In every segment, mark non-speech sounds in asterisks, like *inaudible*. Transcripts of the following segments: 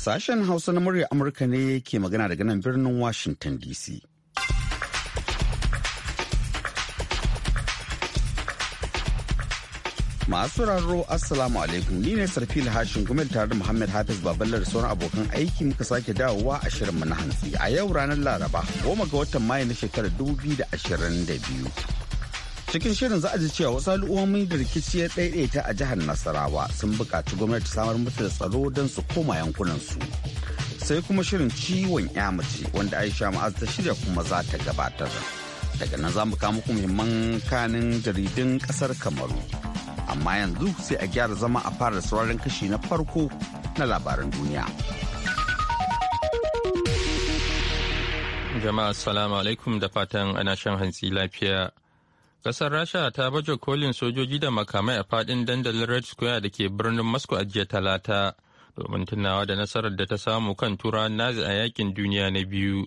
Sashen Hausa na murya Amurka ne ke magana daga nan birnin Washington DC. Masu raro Assalamu alaikum ni ne Sarfil Hashin Gumel tare da Muhammad Hafiz Babalar da sauran abokan aiki muka sake dawowa a shirinmu na hantsi a yau ranar Laraba goma ga watan Mayu na shekarar 2022. cikin shirin za a ji cewa wasu al'ummomi da rikici ya ɗaiɗaita a jihar nasarawa sun buƙaci gwamnati samar musu da tsaro don su koma yankunansu sai kuma shirin ciwon ya mace wanda aisha ma'az ta shirya kuma za ta gabatar daga nan za mu kawo muku muhimman kanin jaridun ƙasar kamaru amma yanzu sai a gyara zama a fara sauraron kashi na farko na labaran duniya. Jama'a salamu alaikum da fatan ana shan hantsi lafiya Kasar Rasha ta baje kolin sojoji da makamai a fadin dandalin Red Square da ke birnin Moscow a jiya talata domin tunawa da nasarar da ta samu kan tura Nazi a yakin duniya na biyu.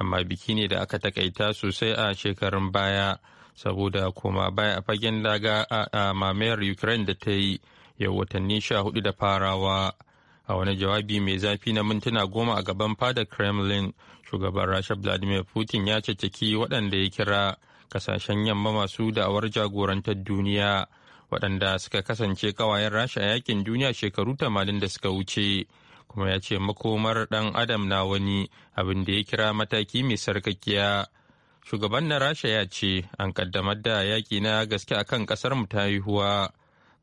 Amma biki ne da aka takaita sosai a shekarun baya saboda koma baya a fagen daga a mamayar Ukraine da ta yi yau watanni sha hudu da farawa. A wani jawabi mai zafi na mintuna goma a gaban fadar Kremlin, shugaban Rasha Vladimir Putin ya caccaki waɗanda ya kira kasashen yamma masu da'awar jagorantar duniya waɗanda suka kasance kawayen rasha a yakin duniya shekaru tamanin da suka wuce kuma ya ce makomar ɗan adam na wani abin da ya kira mataki mai sarkakiya shugaban na rasha ya ce an ƙaddamar da yaƙi na gaske akan ƙasar mu ta haihuwa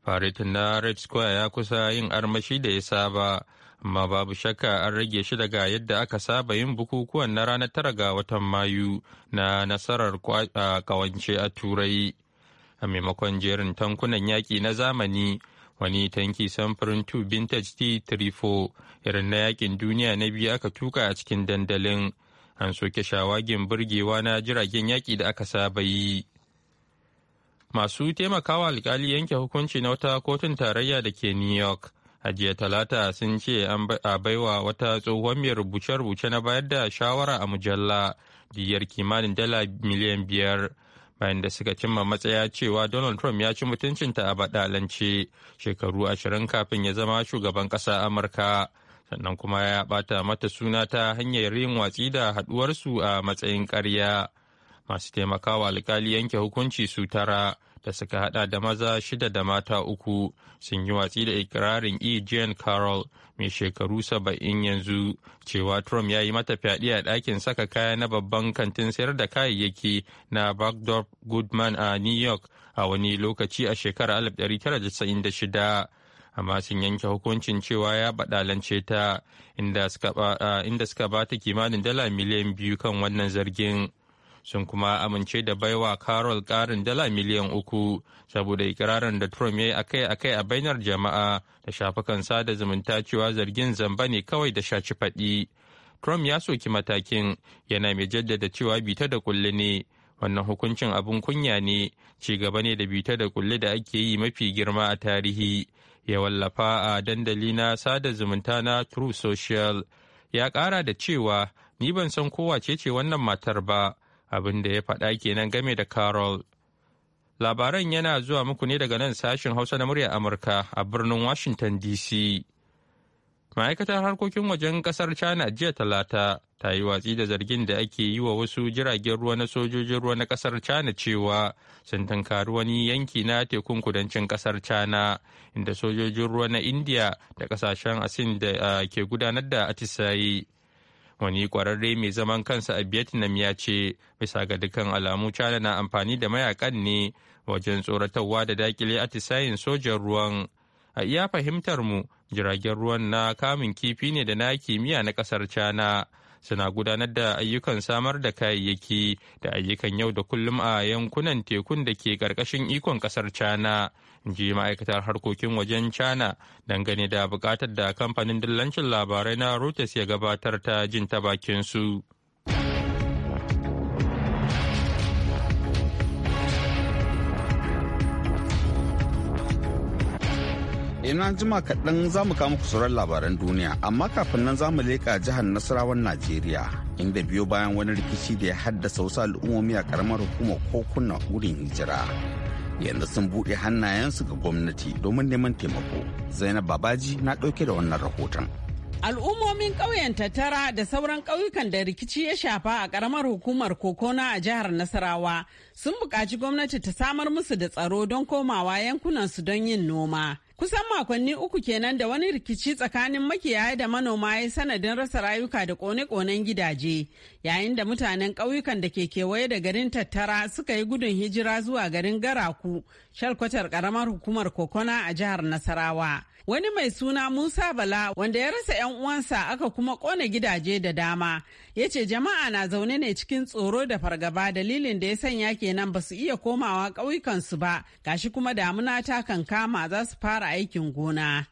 faretin na red square ya kusa yin armashi da ya saba amma babu shakka an rage shi daga yadda aka saba yin bukukuwan na ranar tara ga watan mayu na nasarar kawance a turai a maimakon jerin tankunan yaƙi na zamani wani tanki samfurin 2 vintage t34 irin na yaƙin duniya na biyu aka tuka a cikin dandalin an soke shawagin burgewa na jiragen yaƙi da aka saba yi masu taimakawa alkali yanke hukunci na wata kotun tarayya da ke new york a jiya talata sun ce a baiwa wata tsohon mai rubuce-rubuce na bayar da shawara a mujalla diyar kimanin dala miliyan biyar bayan da suka cimma matsaya cewa donald trump ya ci mutuncinta a baɗalance shekaru ashirin kafin ya zama shugaban ƙasa amurka sannan kuma ya ɓata mata suna ta hanyar yin watsi da haɗuwarsu a matsayin ƙarya. masu taimakawa alkali yanke hukunci su tara da suka hada da maza shida da mata uku sun yi watsi da ikirarin e. jean carroll mai shekaru saba'in yanzu cewa trump ya yi mata fyaɗe a ɗakin saka kaya na babban kantin sayar da kayayyaki na backdrop goodman a new york a wani lokaci a shekarar 1996 amma sun yanke hukuncin cewa ya baɗalance ta inda suka ba ta kimanin dala miliyan biyu kan wannan zargin. sun kuma amince da baiwa carol karin dala miliyan uku saboda ikirarin da trump ya yi akai-akai a bainar jama'a da shafukan sada zumunta cewa zargin zamba ne kawai da shaci faɗi trump ya soki matakin yana mai jaddada cewa bita da kulle ne wannan hukuncin abin kunya ne ci gaba ne da bita da kulle da ake yi mafi girma a tarihi ya wallafa a dandali na sada zumunta na true social ya kara da cewa ni ban san kowace ce wannan matar ba abin da ya faɗa kenan game da carol labaran yana zuwa muku ne daga nan sashen hausa na muryar amurka a birnin washington dc ma'aikatar harkokin wajen kasar china jiya talata ta yi watsi da zargin da ake yi wa wasu jiragen ruwa na sojojin ruwa na kasar china cewa sun tunkari wani yanki na tekun kudancin kasar china inda sojojin ruwa na india da kasashen asin da ke gudanar da atisaye. wani kwararre mai zaman kansa a vietnam ya ce bisa ga dukkan alamu china na amfani da mayakan ne wajen tsoratarwa da dakile atisayin sojan ruwan a iya fahimtar mu jiragen ruwan na kamun kifi ne da na kimiyya na kasar china suna gudanar da ayyukan samar da kayayyaki da ayyukan yau da kullum a yankunan tekun da ke ƙarƙashin ikon ƙasar China. ji ma'aikatar harkokin wajen China dangane da buƙatar da kamfanin dillancin labarai na Reuters ya gabatar ta jin ta bakin su. ina jima kaɗan za mu kama sauran labaran duniya amma kafin nan za mu leƙa jihar nasarawan najeriya inda biyo bayan wani rikici da ya haddasa wasu al'ummomi a ƙaramar hukumar kokuna wurin hijira yanzu sun buɗe hannayensu ga gwamnati domin neman taimako zainab babaji na ɗauke da wannan rahoton Al'ummomin ƙauyen tattara da sauran ƙauyukan da rikici ya shafa a ƙaramar hukumar kokona a jihar Nasarawa sun buƙaci gwamnati ta samar musu da tsaro don komawa yankunansu don yin noma. Kusan makonni uku kenan da wani rikici tsakanin makiyaya da manoma ya sanadin rasa rayuka da kone-konen gidaje yayin da mutanen ƙauyukan da ke kewaye da garin tattara suka yi gudun hijira zuwa garin garaku shalkwatar ƙaramar hukumar kokona a jihar nasarawa wani mai suna musa bala wanda ya rasa 'yan uwansa aka kuma ƙona gidaje da dama ya ce jama'a na zaune ne cikin tsoro da fargaba dalilin da ya sanya kenan ba su iya komawa ƙauyukansu ba gashi kuma damuna ta kankama za su fara aikin gona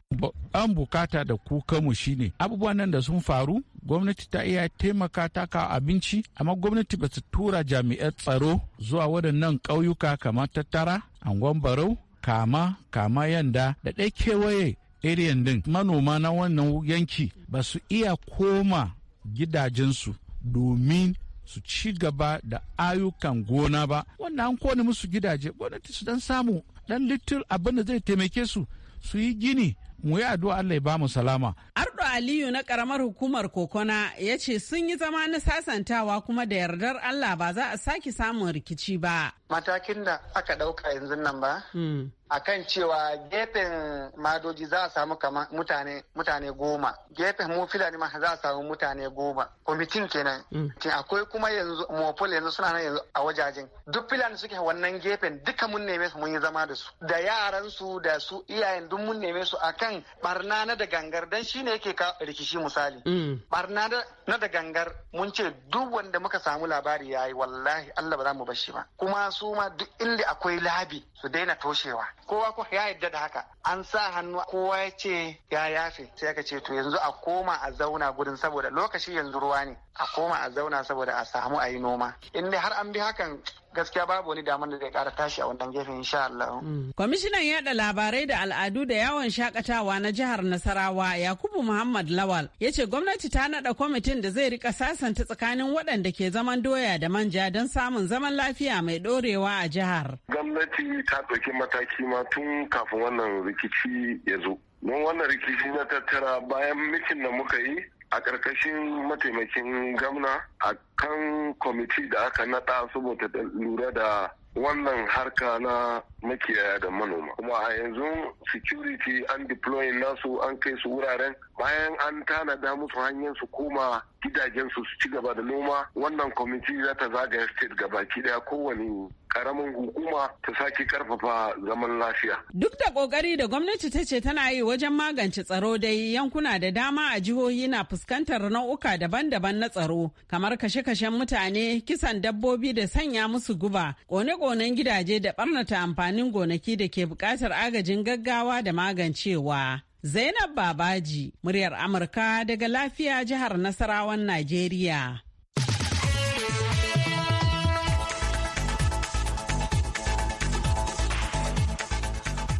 an bukata da kukanmu shine abubuwan nan da sun faru gwamnati ta iya taimaka ta kawo abinci amma gwamnati ba su tura jami'an tsaro zuwa waɗannan ƙauyuka kamar tattara angon barau kama kama yanda da ɗaya kewaye iriyan din manoma na wannan yanki ba su iya koma gidajensu domin su ci gaba da ayyukan gona ba wannan an kone musu gidaje gwamnati su dan samu dan little abin da zai taimake su su yi gini mu yi addu'a Allah ya bamu salama. Ardo Aliyu na karamar hukumar Kokona ya ce sun yi zama na sasantawa kuma da yardar Allah ba za a sake samun rikici ba. matakin da aka ɗauka yanzu nan ba hmm. a kan cewa gefen madoji za a samu kama mutane mutane goma gefen mu filani ma za a samu mutane goma kwamitin kenan hmm. akwai kuma yanzu mofil yanzu suna nan yanzu a wajajen duk filan suke wannan gefen duka mun neme su mun yi zama da su da yaran su da su iyayen duk mun neme su akan barna na da gangar dan shine yake ka rikici misali barna hmm. na da gangar mun ce duk wanda muka samu labari yayi wallahi Allah ba za mu bar shi ba kuma su ma duk inda akwai labi su daina toshewa kowa ko ya yadda da haka an sa hannu kowa ya ce ya yafe sai aka ce to yanzu a koma a zauna gudun, saboda lokaci yanzu ruwa ne a koma a zauna saboda a samu a yi noma in dai har an bi hakan gaskiya babu wani damar da zai kara tashi a wannan gefen insha Allah. Mm. Kwamishinan yada labarai da al'adu da yawon shakatawa na jihar Nasarawa Yakubu Muhammad Lawal ya ce gwamnati ta nada kwamitin da zai rika sasanta tsakanin waɗanda ke zaman doya da manja don samun zaman lafiya mai ɗorewa a jihar. Gwamnati ta ɗauki mataki ma tun kafin wannan rikici ya zo. Mun wannan rikici na tattara bayan mitin da muka yi a ƙarƙashin mataimakin gamna a kan kwamiti da aka naɗa saboda lura da wannan harka na makiyaya da manoma kuma a yanzu security an deploying nasu an kai su wuraren bayan an tanada musu hanyar su koma gidajensu su ci gaba da noma wannan kwamiti za ta zagaya state gabaki daya kowane karamin hukuma ta sake karfafa zaman lafiya. Duk da kokari da gwamnati ta ce tana yi wajen magance tsaro dai yankuna da dama a jihohi na fuskantar nau'uka daban-daban na tsaro kamar kashe-kashen mutane, kisan dabbobi da sanya musu guba, ƙone ƙonen gidaje da barnata amfanin gonaki da ke buƙatar agajin gaggawa da magancewa. Zainab Babaji, muryar Amurka daga lafiya jihar Nasarawan Najeriya.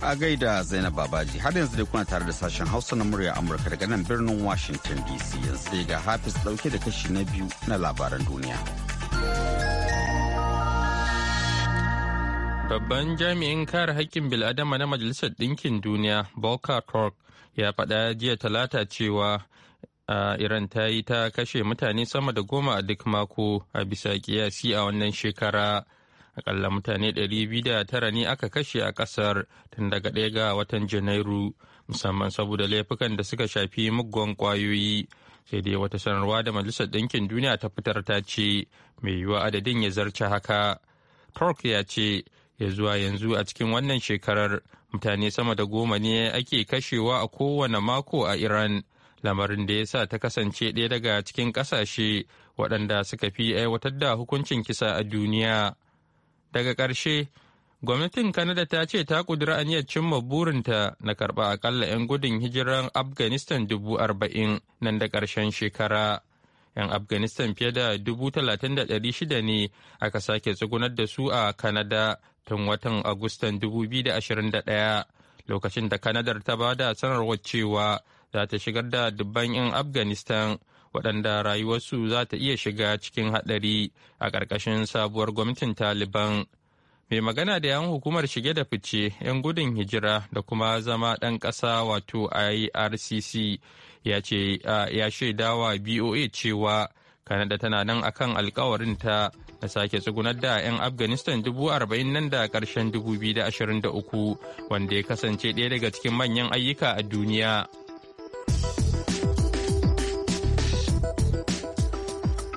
a gaida zainab babaji har yanzu dai kuna tare da sashen hausa na murya amurka daga nan birnin washington dc yanzu ga hafiz dauke da kashi na biyu na labaran duniya babban jami'in kare hakkin bil'adama na majalisar ɗinkin duniya boka turk ya faɗa jiya talata cewa a iran ta yi ta kashe mutane sama da goma a duk mako a bisa kiyasi a wannan shekara akalla mutane 209 ne aka kashe a kasar tun daga ɗaya ga watan janairu musamman saboda laifukan da suka shafi muggan kwayoyi sai dai wata sanarwa da majalisar ɗinkin duniya ta fitar ta ce mai yiwuwa adadin ya zarce haka turk ya ce ya zuwa yanzu a cikin wannan shekarar mutane sama da goma ne ake kashewa a kowane mako a iran lamarin da ya sa ta kasance ɗaya daga cikin ƙasashe waɗanda suka fi aiwatar da hukuncin kisa a duniya. daga ƙarshe gwamnatin kanada ta ce ta a aniyar cimma burinta na karɓa akalla 'yan gudun hijiran afghanistan dubu arba'in nan da ƙarshen shekara 'yan afghanistan fiye da dubu talatin da ɗari shida ne aka sake tsugunar da su a kanada tun watan agustan dubu biyu da ashirin da ɗaya lokacin da kanadar ta ba da sanarwar cewa za ta shigar da dubban 'yan afghanistan waɗanda rayuwarsu za ta iya shiga cikin haɗari a ƙarƙashin sabuwar gwamnatin taliban mai magana da yan hukumar shige da fice 'yan gudun hijira da kuma zama ɗan ƙasa wato ircc ya ce ya boa cewa kanada tana nan akan alkawarin ta na sake tsugunar da 'yan afghanistan arba'in nan da ƙarshen 2023 wanda ya kasance ɗaya daga cikin manyan ayyuka a duniya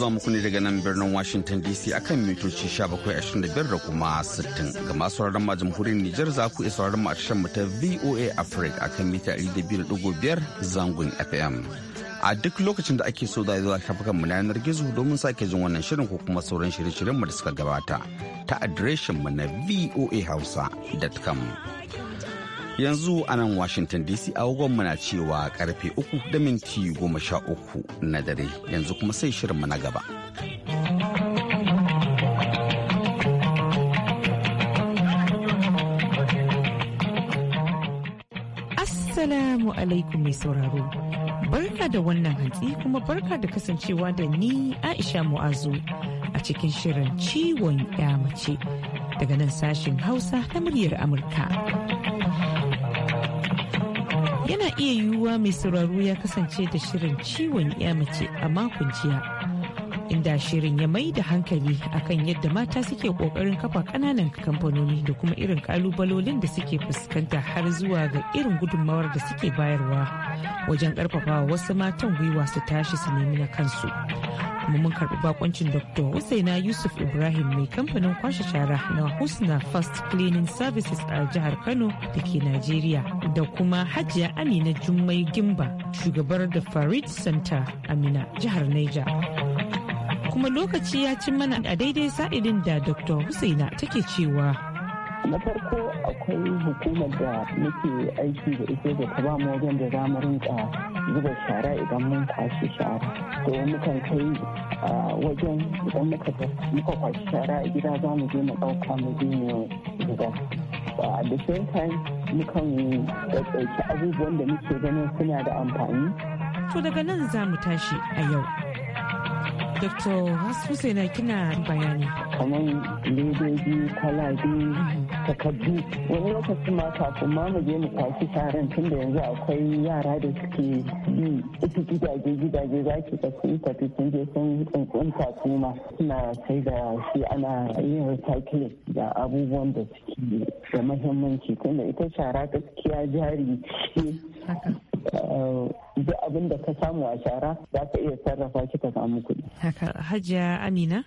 zuwa muku ne daga nan birnin Washington DC akan mitoci 1725 da kuma 60 ga masu sauraron ma jamhuriyar Nijar za ku iya sauraron ma mu ta VOA Africa akan mita 200.5 zangon FM. A duk lokacin da ake so za a zuwa shafukan mu na yanar gizo domin sake jin wannan shirin ko kuma sauran shirye-shiryen mu da suka gabata ta adireshin mu na voahausa.com. yanzu a nan washington dc agogon muna cewa karfe uku da minti goma na dare yanzu kuma sai shirinmu na gaba assalamu alaikum mai sauraro barka da wannan hantsi kuma barka da kasancewa da ni aisha mu'azu a cikin shirin ciwon ya mace daga nan sashen hausa na muryar amurka Yana iya yiwuwa mai sauraro ya kasance da shirin ciwon ya mace a makon jiya. Inda shirin ya mai da hankali akan yadda mata suke kokarin kafa kananan kamfanoni da kuma irin kalubalolin da suke fuskanta har zuwa ga irin gudunmawar da suke bayarwa wajen karfafa wasu matan gwiwa su tashi su nemi na kansu. kuma mun karbi bakoncin dr husaina yusuf ibrahim mai kamfanin kwashe shara na husna first cleaning services a jihar kano da ke najeriya da kuma hajiya amina jummai gimba shugabar da farid center amina jihar niger kuma lokaci ya ci mana a daidai sa'idin da dr husaina take cewa na farko akwai hukumar da muke aiki da ita da ta mu wajen da za mu rinka zuba shara idan mun kwashi shara to kan kai wajen idan muka kwashi shara a gida za mu je mu ɗauka mu je mu zuba a the same time kan ɗauki abubuwan da muke ganin suna da amfani to daga nan za mu tashi a yau Dr. Hasfusaina kina bayani. Kamar ledoji, kwalabe, mhm. takardu wani lokaci ma kafin ma mu je mu kwaki taron tun da yanzu akwai yara da suke bi ita gidaje gidaje za ki tafi tafi sun je sun tsuntsun kuma suna sai da shi ana yin recycling da abubuwan da suke da mahimmanci tunda ita shara gaskiya jari ce eh, duk abin da ka samu a shara za ka iya sarrafa shi ka samu kuɗi. Haka Hajiya Amina?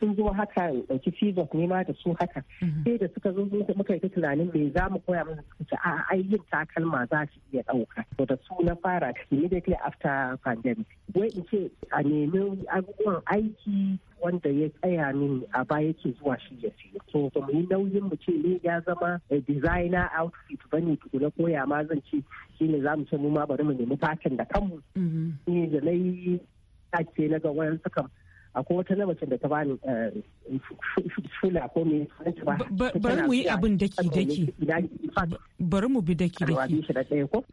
sun zo haka ɗauki fizos ne ma da su haka mhm. sai da suka zo muka yi ta tunanin me za mu koya mana suka ce a'a ai yin takalma za su iya ɗauka to da su na fara immediately after pandemic wai in ce a nemi abubuwan aiki wanda ya tsaya min a baya yake zuwa shi ya siyo so ba mu yi nauyin mu ce ne ya zama a designer outfit bane na koya ma zan ce shine za mu ce mu ma bari mu nemi fatan da kanmu mhm. ne da na yi ake na ga wayan sukan akwai wata labacin da ta bani eh, shula ko me bari mu yi abin daki daki bari mu bi daki daki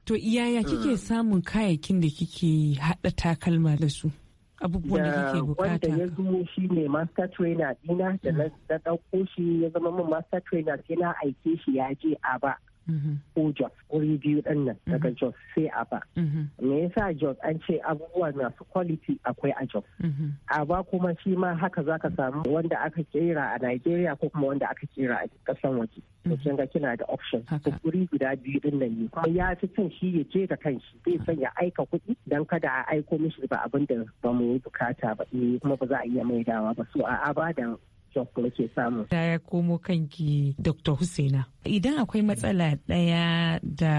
to iyaya mm. kike samun kayayyakin da kike hada takalma da su abubuwan da kike bukata wanda ya zo shi ne master trainer dina da na dauko mm. shi ya zama min master trainer sai aike shi ya je a ba Mm-hmm. oja wuri biyu din nan mm-hmm. daga jos sai a ba mm-hmm. me yasa jos an ce abubuwa masu quality akwai a jos a ba kuma shi ma haka zaka samu wanda aka kera a Najeriya ko kuma wanda aka kera a kasan waje to kin ga kina da option wuri guda biyu din nan ne kuma ya fi cin shi ya je da kanshi zai san ya aika kuɗi dan kada a aiko mishi ba abinda da ba mu bukata ba eh, kuma ba za a iya maidawa ba so a ba da kyau ke samu. Ta komo kanki Dr. Husaina. Idan akwai matsala ɗaya da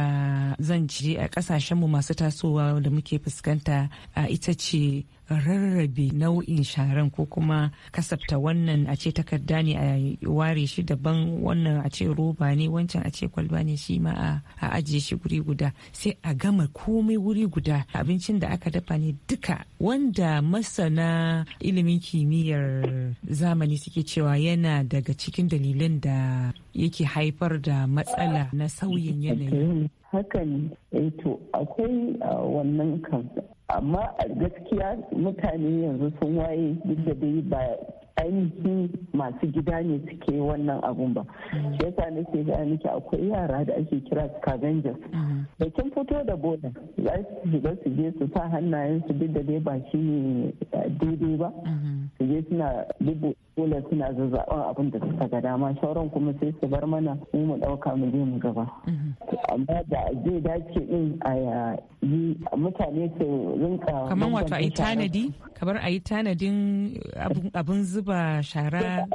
zan ji a ƙasashenmu masu tasowa da muke fuskanta a ita ce rarrabe nau'in sharan ko kuma kasafta wannan a ce takarda ne a ware shi daban wannan a ce roba ne wancan a ce kwalba ne shi ma a ajiye shi guri guda sai a gama komai wuri guda abincin da aka dafa ne duka wanda masana ilimin kimiyyar zamani suke cewa yana daga cikin dalilin da yake haifar da matsala na sauyin yanayi hakan eh to akwai wannan kan amma a gaskiya mutane yanzu sun waye duk da dai ba ainihin masu gida ne suke wannan abun ba mm. shi yasa nake ga miki akwai yara da ake kira scavengers mm. da kin fito da bola za su shiga su je su sa hannayen su duk da dai ba shi ne eh, daidai ba mm-hmm. su je suna dubu bola suna zazzaɓan abin da suka ga dama sauran kuma sai su bar mana mu mu ɗauka mu je mu gaba mm-hmm. amma da zai dace din a yi mutane su rinka kamar wato a tanadi kamar a tanadin abun zuba zuba shara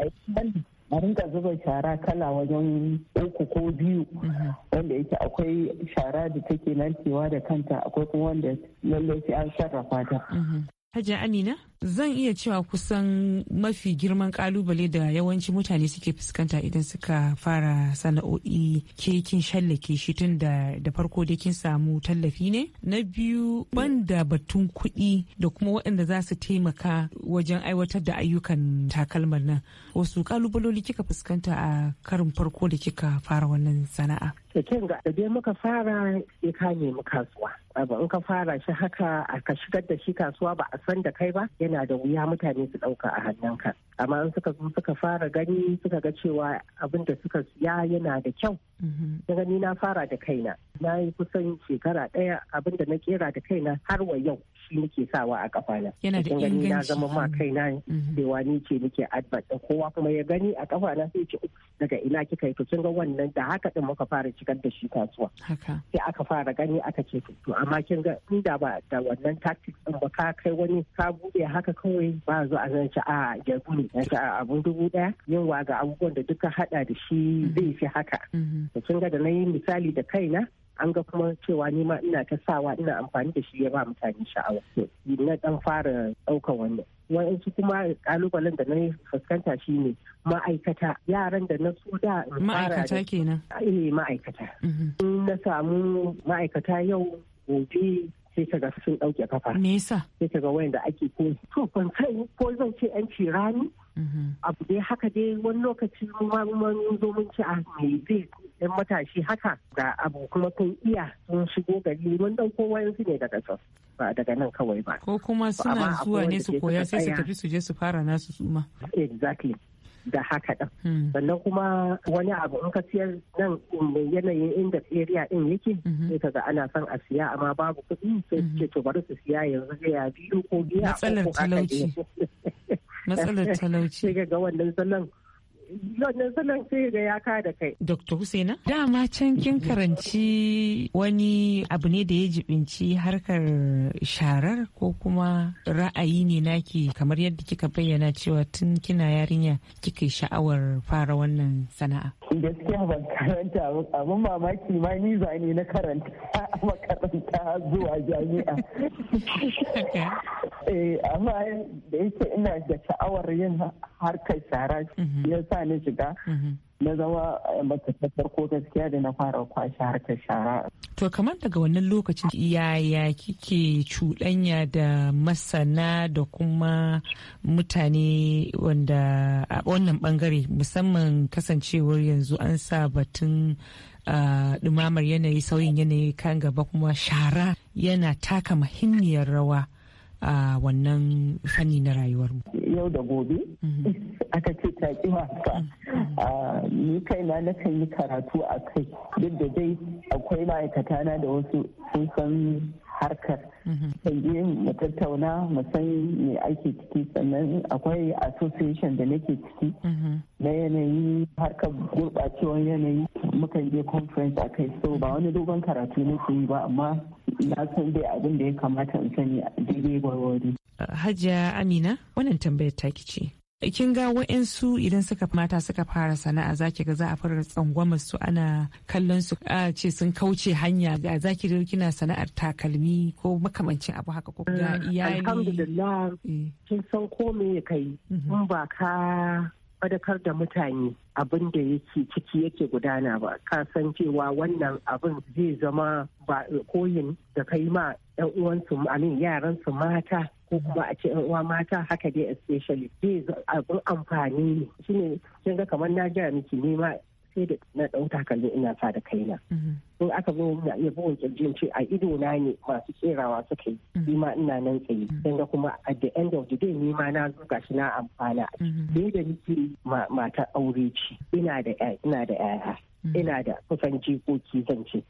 a rinka zuba shara kala wajen uku ko biyu mhm. wanda yake akwai shara da take narkewa da kanta akwai kuma wanda lallai sai an sarrafa ta mhm. Hajiya Amina, zan iya cewa kusan mafi girman kalubale da yawanci mutane suke fuskanta idan suka fara sana'o'i ke kin shallake shi tun da farko dai kin samu tallafi ne. Na biyu banda batun kuɗi da kuma waɗanda za su taimaka wajen aiwatar da ayyukan takalmar nan. Wasu kalubaloli kika fuskanta a karin farko da kika fara wannan sana'a? da muka fara ya kame mu kasuwa. in ka fara shi haka a ka shigar da shi kasuwa ba a san da kai ba yana da wuya mutane su ɗauka a hannunka amma in suka zo suka fara gani suka ga cewa abin da suka siya yana da kyau Mm-hmm. daga ni na fara da kaina na yi kusan shekara ɗaya abin da na kera da kaina har wa yau shi nake sawa a kafana yana da inganci na zama ma mm-hmm. kaina mm-hmm. cewa ni ce nake advert da kowa kuma ya gani a kafana sai ce daga ina kika yi to kin ga wannan da haka din muka fara cikar da shi kasuwa sai aka fara gani aka ce to amma kin ga inda ba da wannan tactics din ba ka kai wani ka bude haka kawai ba zo a nan ci a jabu ne a abun dubu ɗaya yin ga abubuwan da duka hada da shi zai fi haka da sun ga da na yi misali da kaina an ga kuma cewa ni ma ina ta sawa ina amfani da shi ya ba mutane sha'awa na dan fara ɗaukan wannan wa'yansu kuma kalubalen da na fuskanta shi ne ma'aikata yaran da na so da ma'aikata kenan eh ma'aikata mhm. na samu ma'aikata yau gobe sai ka ga sun ɗauke kafa me sai ka ga wayanda ake ko to ban ko zan ce an ci rani mhm. abu dai haka dai wani lokaci ma mun zo mun ci a ah, me zai 'yan matashi haka ga abokan iya sun shigo gari mun kowa wayansu ne daga can. ba daga nan kawai ba ko kuma suna zuwa ne su koya sai su tafi su je su fara nasu suma exactly da haka ɗin. Hmm. Sannan kuma wani abu in ka siyar nan mai yanayin inda area ɗin yake mhm. sai ka ga ana son a siya amma babu kuɗi sai su ce mhm. to bari su siya yanzu ya biyu ko biya ko aka Matsalar talauci. *laughs* Matsalar talauci. Sai ga wannan sallan. wannan salon sai ga ya da kai. Dr. Husaina? Dama can kin karanci wani abu ne da ya jibinci harkar sharar ko kuma ra'ayi ne naki kamar yadda kika bayyana cewa tun kina yarinya kika sha'awar fara wannan sana'a. gaskiya ban karanta abin mamaki ma ni zane na karanta a *laughs* makaranta zuwa jami'a eh, amma da yake ina da sha'awar yin harkar shara mm-hmm. ya sa ni shiga mm-hmm. na zama matakan ko gaskiya da na fara kwashe harkar shara. To kamar daga wannan lokacin yaya kike cuɗanya da masana da kuma mutane wanda a wannan bangare musamman kasancewar yanzu an sa batun dumamar yanayi sauyin yanayi kan gaba kuma shara yana taka muhimmiyar rawa a wannan fanni na rayuwar mu. Yau da gobe mhm. *laughs* aka ce ta ki wasa. Mm, mm. Ni kai na kan yi karatu a kai duk da dai akwai ma'aikata na da wasu sun san harkar. Sai mhm. je mu tattauna mu san me ake ciki sannan akwai association da nake ciki mhm. na yanayi harkar gurɓacewar yanayi mukan je conference a kai so ba wani dogon karatu nake yi ba amma na san dai abin da ya kamata in sani a daidai gwarwari. Hajiya Amina wannan tambayar taki ce. kin ga wa'yansu idan suka mata suka fara sana'a zaki ga za a fara tsangwamar su ana kallon su a ce sun kauce hanya ga zaki ga kina sana'ar takalmi ko makamancin abu haka ko ga mm, iyali alhamdulillah eh. kin san ko me kai mhm. ba ka fadakar da mutane abin da yake ciki yake gudana ba ka san cewa wannan abin zai zama ba koyin da yi ma yan uwansu amin yaran su mata ko kuma a ce uwa mata haka dai especially zai abin amfani ne shine kin kamar na gaya miki nema sai da na ɗau takalmi ina sa da kaina mhm. in aka zo ina iya bugun kirjin ce a ido na ne masu tserawa suka yi mhm. ni ma ina nan tsaye Sai mhm. ga kuma at the end of the ni ma na zo gashi na amfana ni da nake mata aure ce ina da ina ina da kusan jikoki zan ce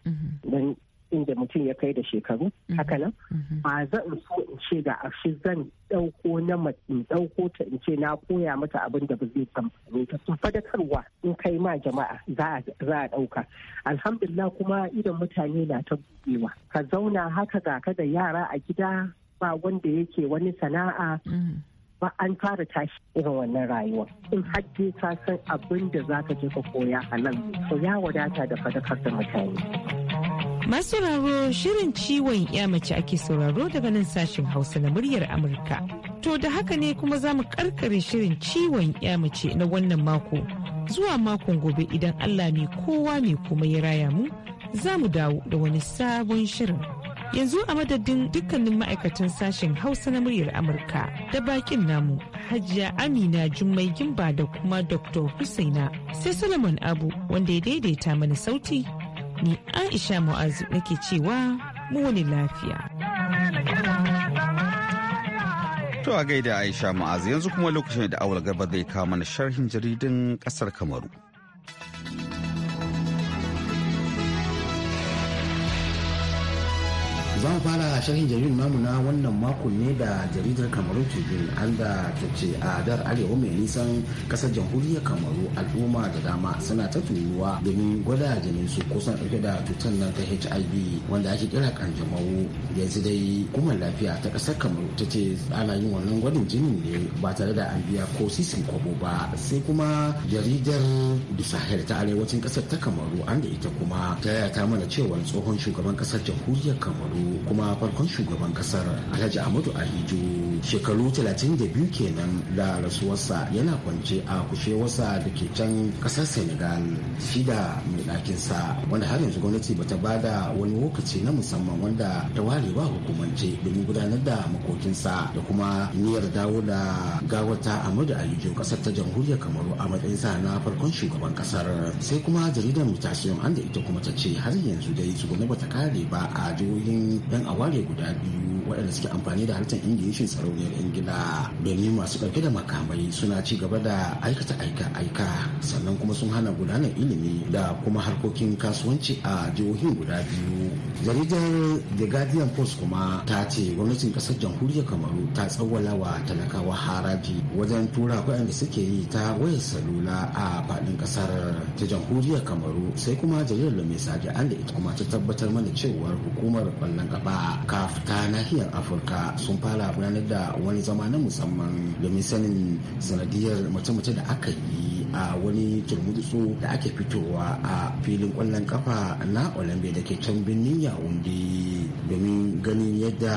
don inda mutum ya kai da shekaru mhm. hakanan mhm. ba zan so in ce ga ashe zan dauko na in ɗauko ta in ce na koya mata abin da ba zai amfani ta fadakarwa in kai ma jama'a za a ɗauka alhamdulillah kuma idan mutane na ta buɗewa ka zauna haka ga ka da yara a gida ba wanda yake wani sana'a mhm. ba an fara tashi irin wannan rayuwa in hajji ka san abin da za ka je ka koya a nan to ya wadata da fadakar da mutane. Masu sauraro shirin ciwon ya mace ake sauraro daga nan sashen Hausa na muryar Amurka. To da haka ne kuma za mu karkare shirin ciwon ya mace na wannan mako. Zuwa makon gobe idan Allah mai kowa mai kuma ya raya mu za mu dawo da wani sabon shirin. Yanzu a madadin dukkanin ma'aikatan sashen Hausa na muryar Amurka da bakin namu Hajiya Amina Jummai Gimba da kuma Dr. Husaina sai Solomon Abu wanda ya daidaita mana sauti Ni Aisha Mu'azu nake cewa mu wani lafiya. To a gaida Aisha Mu'azu yanzu kuma lokacin da awal gaba zai kama na sharhin jaridin kasar Kamaru. za mu fara shirin jaridar namu na wannan makon ne da jaridar kamaru tribune an da ta ce a dar arewa mai nisan kasar jamhuriyar kamaru al'umma da dama suna ta tunuwa domin gwada jinin su kusan ɗauke da cutar nan ta hiv wanda ake kira kanjamau yanzu dai kuma lafiya ta kasar kamaru ta ce ana yin wannan gwadin jinin ne ba tare da an biya ko sisin kwabo ba sai kuma jaridar dusahel ta arewacin kasar ta kamaru an da ita kuma ta yaya ta mana cewa tsohon shugaban kasar jamhuriyar kamaru kuma farkon shugaban kasar alhaji ahmadu ahijo shekaru 32 kenan da rasuwarsa yana kwance a kushewarsa da ke can kasar senegal shi da mai ɗakinsa wanda har yanzu gwamnati bata ba da wani lokaci na musamman wanda ta ware ba hukumance domin gudanar da makokinsa da kuma niyyar dawo da gawata ahmadu ahijo kasar ta jamhuriyar kamaru a matsayinsa na farkon shugaban kasar sai kuma jaridar mutation an da ita kuma ta ce har yanzu dai tsuguna bata kare ba a jihohin 'yan ware guda biyu waɗanda suke amfani da harshen ingilishin sarauniyar ingila domin masu ɗauke da makamai suna ci gaba da aikata aika-aika sannan kuma sun hana gudanar ilimi da kuma harkokin kasuwanci a jihohin guda biyu jaridar the guardian post kuma ta ce gwamnatin ƙasar jamhuriyar kamaru ta tsawwala wa talakawa haraji wajen tura waɗanda suke yi ta wayar salula a faɗin ƙasar ta jamhuriyar kamaru sai kuma jaridar an da ita kuma ta tabbatar mana cewar hukumar kwallon gaba ka ta nahiyar afirka sun fara gudanar da wani zama na musamman domin sanin sanadiyar mace-mace da aka yi a wani turmutsu da ake fitowa a filin kwallon kafa na olambe da ke can birnin yawon domin ganin yadda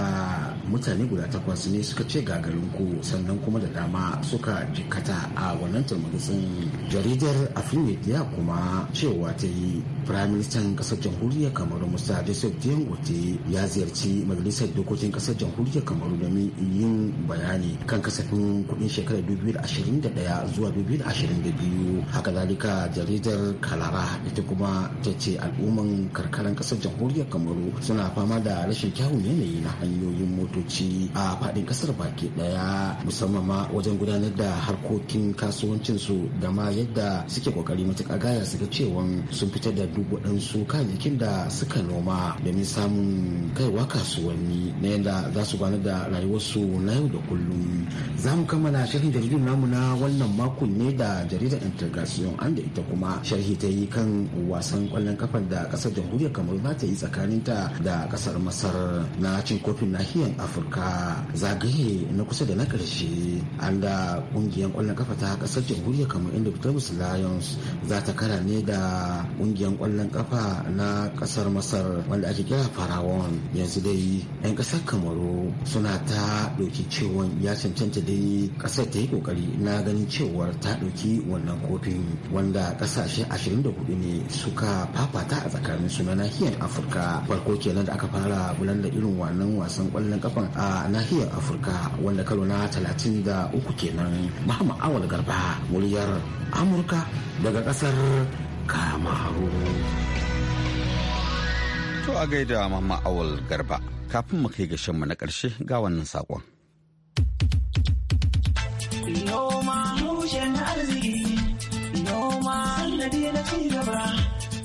mutane guda takwas ne suka ce gagarin ku sannan kuma da dama suka jikata a wannan turmutsin jaridar afirmedia kuma cewa ta yi firaministan kasar jamhuriyar kamaru musa joseph diangote ya ziyarci majalisar dokokin kasar jamhuriyar kamaru domin yin bayani kan kasafin kudin shekarar 2021 zuwa 2022 haka zalika jaridar kalara ita kuma ta ce al'umman karkaran kasar jamhuriyar kamaru suna fama da rashin kyawun yanayi na hanyoyin moto motoci a faɗin ƙasar baki ɗaya musamman ma wajen gudanar da harkokin kasuwancinsu da ma yadda suke kokari matuƙa gaya su ga cewa sun fitar da duk waɗansu kayayyakin da suka noma domin samun kaiwa kasuwanni na yadda za su gudanar da rayuwarsu na yau da kullum za mu kammala sharhin jaridun namu na wannan makon ne da jaridar intergation an da ita kuma sharhi ta yi kan wasan kwallon kafar da ƙasar jamhuriyar kamar za ta yi tsakaninta da ƙasar masar na cin kofin nahiyar afirka zagaye na kusa da na karshe an da kungiyar kwallon kafa ta kasar jamhuriyar kamar indomitable lions za ta kara ne da kungiyar kwallon kafa na kasar masar wanda ake kira farawon yanzu dai yan kasar kamaru suna ta ɗauki cewa ya cancanta dai kasar ta yi kokari na ganin cewar ta ɗauki wannan kofin wanda kasashe 24 ne suka fafata a tsakanin su na nahiyar afirka farko kenan da aka fara bulan da irin wannan wasan kwallon kafa kafan a nahiyar afirka wanda karo na 33 kenan muhammad awal garba muryar amurka daga kasar kamaru to a gaida muhammad awal garba kafin mu kai gashinmu na karshe ga wannan sakon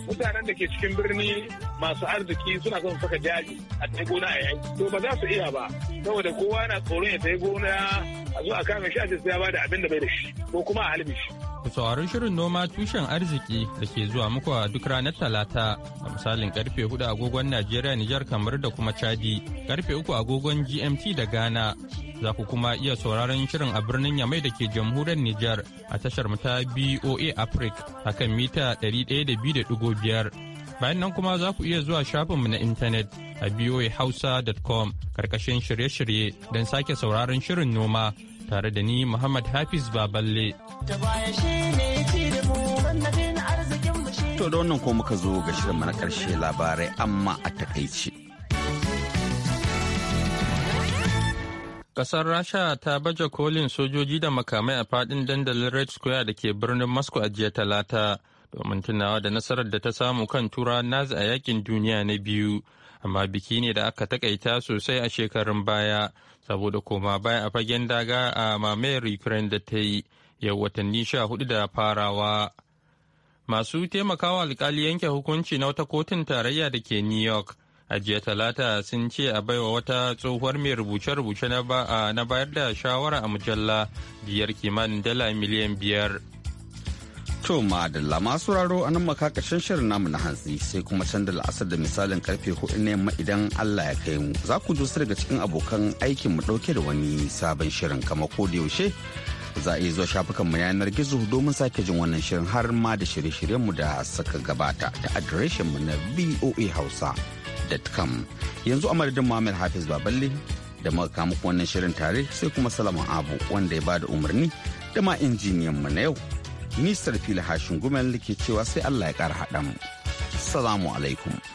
Mutanen da ke cikin birni masu arziki suna son saka jari a ta gona a yanki to ba za su iya ba saboda kowa yana tsoron ya sai gona a zo a kame shi a ce ya bada abin da bai da shi ko kuma a halbi shi. Ku shirin noma tushen arziki da ke zuwa muku a duk ranar talata a misalin karfe 4 agogon Najeriya Nijar kamar da kuma Chadi karfe 3 agogon GMT da Ghana za ku kuma iya sauraron shirin a birnin Yamai da ke jamhuriyar Nijar a tashar mu ta BOA Africa akan mita 102.5 Bayan nan kuma za ku iya zuwa shafinmu na intanet a voahausa.com karkashin shirye-shirye don sake sauraron shirin noma tare da ni Muhammad Hafiz Baballe. To da wannan ko muka zo ga shirinmu na karshe labarai amma a takaici. Kasar Rasha ta baje kolin sojoji da makamai a fadin dandalin Red Square da ke birnin Moscow a jiya talata. domin tunawa da nasarar da ta samu kan tura nazi a yakin duniya na biyu amma biki ne da aka takaita sosai a shekarun baya saboda koma baya a fagen daga a mamayar ukraine da ta yi yau watanni sha hudu da farawa masu taimakawa alkali yanke hukunci na wata kotun tarayya da ke new york a jiya talata sun ce a baiwa wata tsohuwar mai rubuce-rubuce na bayar da shawara a mujalla biyar kimanin dala miliyan biyar To madalla masu raro a nan makakashin shirin namu na hantsi sai kuma can da la'asar da misalin karfe hudu na yamma idan Allah ya kai mu za ku dusar daga cikin abokan aikin mu dauke da wani sabon shirin kama ko da yaushe za a iya zuwa shafukan mu yanar gizo domin sake jin wannan shirin har ma da shirye-shiryen mu da suka gabata ta adireshin mu na voahausa.com yanzu a madadin Muhammad Hafiz Baballe da muka kama wannan shirin tare sai kuma Salaman Abu wanda ya bada umarni da ma injiniyan mu na yau Nisar fili hashin gumel ke cewa sai Allah ya ƙara haɗa mu. Salamu alaikum.